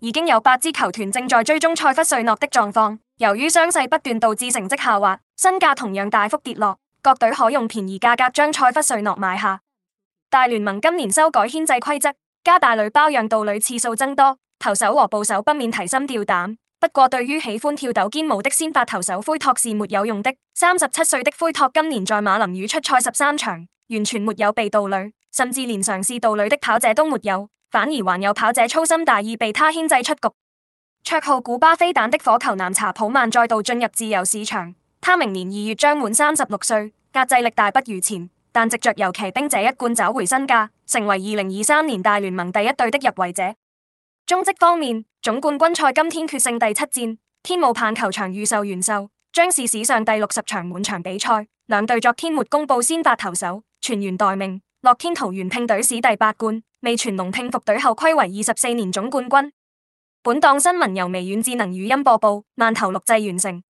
已經有八支球團正在追蹤塞弗瑞諾的狀況，由於傷勢不斷導致成績下滑，身價同樣大幅跌落，各隊可用便宜價格價將塞弗瑞諾買下。大聯盟今年修改牽制規則，加大壘包讓盜壘次數增多，投手和捕手不免提心吊膽。不過對於喜歡跳抖肩舞的先發投手奎托是沒有用的。三十七歲的奎托今年在馬林魚出賽十三場，完全沒有被盜壘，甚至連嘗試盜壘的跑者都沒有。反而還有跑者粗心大意被他牽制出局。綽號“古巴飛彈”的火球男查普曼再度進入自由市場，他明年二月將滿三十六歲，壓制力大不如前，但藉着由騎兵這一冠找回身價，成為二零二三年大聯盟第一隊的入圍者。中職方面，總冠軍賽今天決勝第七戰，天母棒球場預售完售，將是史上第六十場滿場比賽。兩隊昨天沒公布先發投手，全員待命。樂天桃猿拼隊史第八冠，味全龍拼服隊後，睽違二十四年總冠軍。本檔新聞由微軟智能語音播報，慢頭錄製完成。